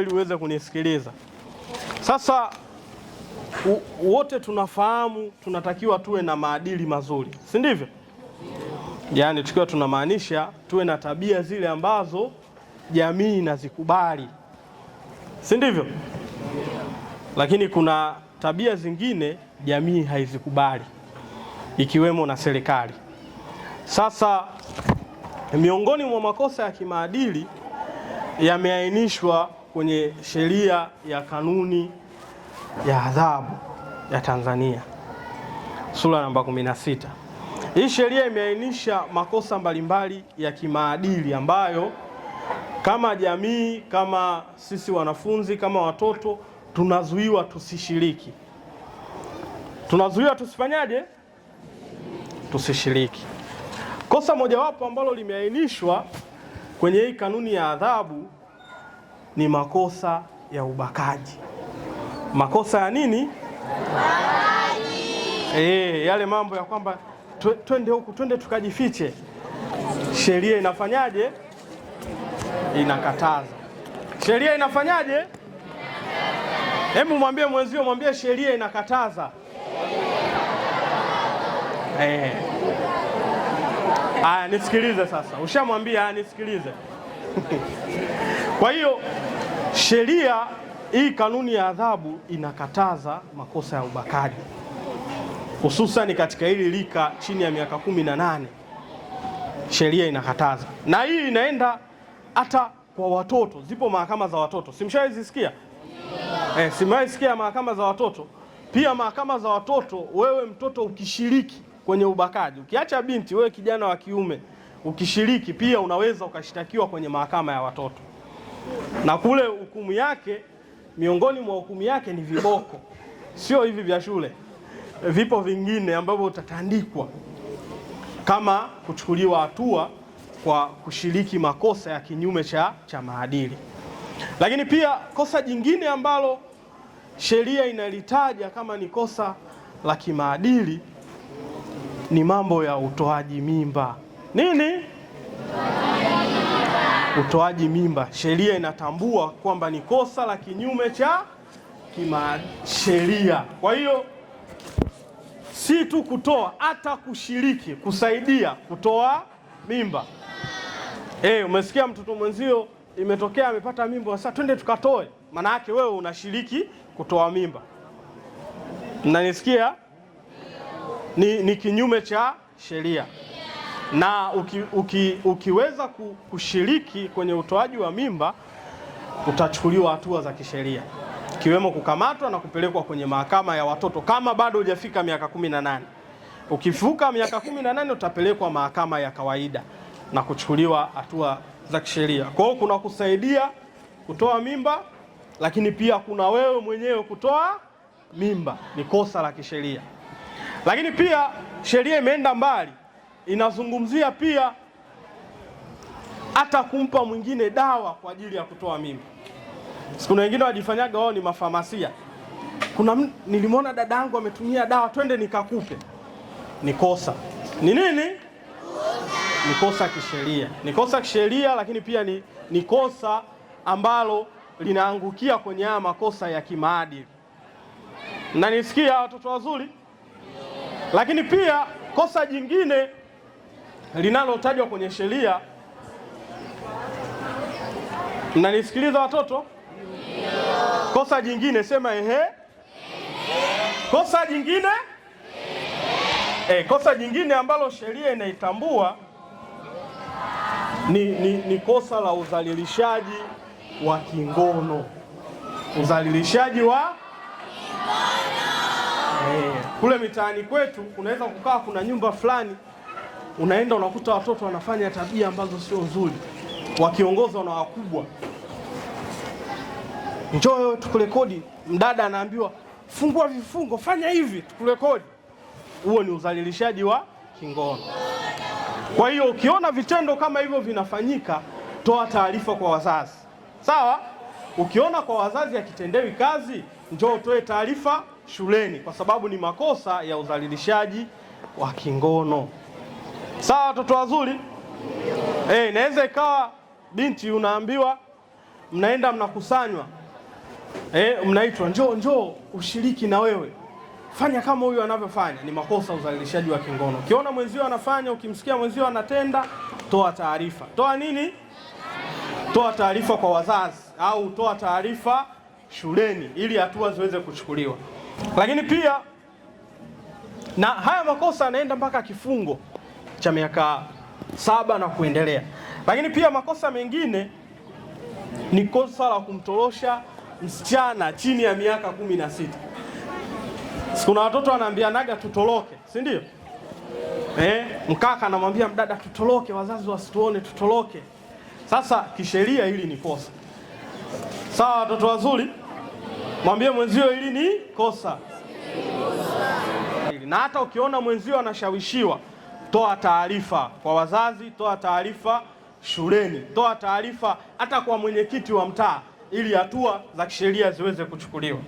ili uweze kunisikiliza. Sasa u, wote tunafahamu tunatakiwa tuwe na maadili mazuri, si ndivyo? Yaani tukiwa tunamaanisha tuwe na tabia zile ambazo jamii inazikubali, si ndivyo? Lakini kuna tabia zingine jamii haizikubali ikiwemo na serikali. Sasa miongoni mwa makosa ya kimaadili yameainishwa kwenye sheria ya kanuni ya adhabu ya Tanzania sura namba 16. Hii sheria imeainisha makosa mbalimbali ya kimaadili ambayo kama jamii, kama sisi wanafunzi, kama watoto tunazuiwa tusishiriki, tunazuiwa tusifanyaje? Tusishiriki. Kosa mojawapo ambalo limeainishwa kwenye hii kanuni ya adhabu ni makosa ya ubakaji. Makosa ya nini? Ubakaji. E, yale mambo ya kwamba twende huku twende tukajifiche. Sheria inafanyaje? Inakataza. Sheria inafanyaje? Hebu mwambie mwenzio, mwambie sheria inakataza. Eh. Aya, nisikilize sasa. Ushamwambia nisikilize. Kwa hiyo sheria hii, kanuni ya adhabu inakataza makosa ya ubakaji, hususani katika hili lika chini ya miaka kumi na nane. Sheria inakataza, na hii inaenda hata kwa watoto. Zipo mahakama za watoto, simshaizisikia? Eh, simwaisikia mahakama za watoto. Pia mahakama za watoto, wewe mtoto ukishiriki kwenye ubakaji, ukiacha binti, wewe kijana wa kiume ukishiriki pia unaweza ukashtakiwa kwenye mahakama ya watoto, na kule hukumu yake, miongoni mwa hukumu yake ni viboko, sio hivi vya shule. Vipo vingine ambavyo utatandikwa kama kuchukuliwa hatua kwa kushiriki makosa ya kinyume cha, cha maadili. Lakini pia kosa jingine ambalo sheria inalitaja kama ni kosa la kimaadili ni mambo ya utoaji mimba nini utoaji mimba. Sheria inatambua kwamba ni kosa la kinyume cha kimasheria. Kwa hiyo si tu kutoa, hata kushiriki, kusaidia kutoa mimba. Hey, eh, umesikia mtoto mwenzio imetokea amepata mimba, sasa twende tukatoe. Maana yake wewe unashiriki kutoa mimba. Mnanisikia? Ni, ni kinyume cha sheria na uki, uki, ukiweza kushiriki kwenye utoaji wa mimba utachukuliwa hatua za kisheria ikiwemo kukamatwa na kupelekwa kwenye mahakama ya watoto kama bado hujafika miaka kumi na nane. Ukivuka miaka kumi na nane utapelekwa mahakama ya kawaida na kuchukuliwa hatua za kisheria. Kwa hiyo kuna kusaidia kutoa mimba, lakini pia kuna wewe mwenyewe kutoa mimba, ni kosa la kisheria. Lakini pia sheria imeenda mbali inazungumzia pia hata kumpa mwingine dawa kwa ajili ya kutoa mimba. Kuna wengine wajifanyaga wao ni mafamasia. Kuna nilimwona dadangu ametumia dawa, twende nikakupe. Ni kosa. Ni nini? Ni kosa kisheria, ni kosa kisheria, lakini pia ni, ni kosa ambalo linaangukia kwenye haya makosa ya kimaadili. Mnanisikia watoto wazuri? Lakini pia kosa jingine linalotajwa kwenye sheria. Mnanisikiliza watoto? Kosa jingine sema ehe. Kosa jingine e, kosa jingine ambalo sheria inaitambua ni, ni, ni kosa la udhalilishaji wa kingono. Udhalilishaji wa kingono. Eh, kule mitaani kwetu unaweza kukaa kuna nyumba fulani unaenda unakuta watoto wanafanya tabia ambazo sio nzuri, wakiongozwa na wakubwa. Njoo wewe tukurekodi, mdada anaambiwa fungua vifungo, fanya hivi, tukurekodi. Huo ni udhalilishaji wa kingono. Kwa hiyo ukiona vitendo kama hivyo vinafanyika, toa taarifa kwa wazazi, sawa? Ukiona kwa wazazi akitendewi kazi, njoo utoe taarifa shuleni, kwa sababu ni makosa ya udhalilishaji wa kingono. Sawa, watoto wazuri. Eh, inaweza ikawa binti unaambiwa mnaenda mnakusanywa, eh, mnaitwa njoo njoo ushiriki na wewe. Fanya kama huyu anavyofanya, ni makosa uzalilishaji wa kingono. Ukiona mwenzio anafanya, ukimsikia mwenzio anatenda, toa taarifa. Toa nini? Toa taarifa kwa wazazi au toa taarifa shuleni ili hatua ziweze kuchukuliwa. Lakini pia na haya makosa yanaenda mpaka kifungo cha miaka saba na kuendelea. Lakini pia makosa mengine ni kosa la kumtorosha msichana chini ya miaka kumi na sita. Kuna watoto naga tutoroke, si ndio? Eh, mkaka anamwambia mdada tutoroke, wazazi wasituone, tutoroke. Sasa kisheria hili ni kosa. Sawa, watoto wazuri, mwambie mwenzio hili ni kosa, na hata ukiona mwenzio anashawishiwa toa taarifa kwa wazazi, toa taarifa shuleni, toa taarifa hata kwa mwenyekiti wa mtaa, ili hatua za kisheria ziweze kuchukuliwa.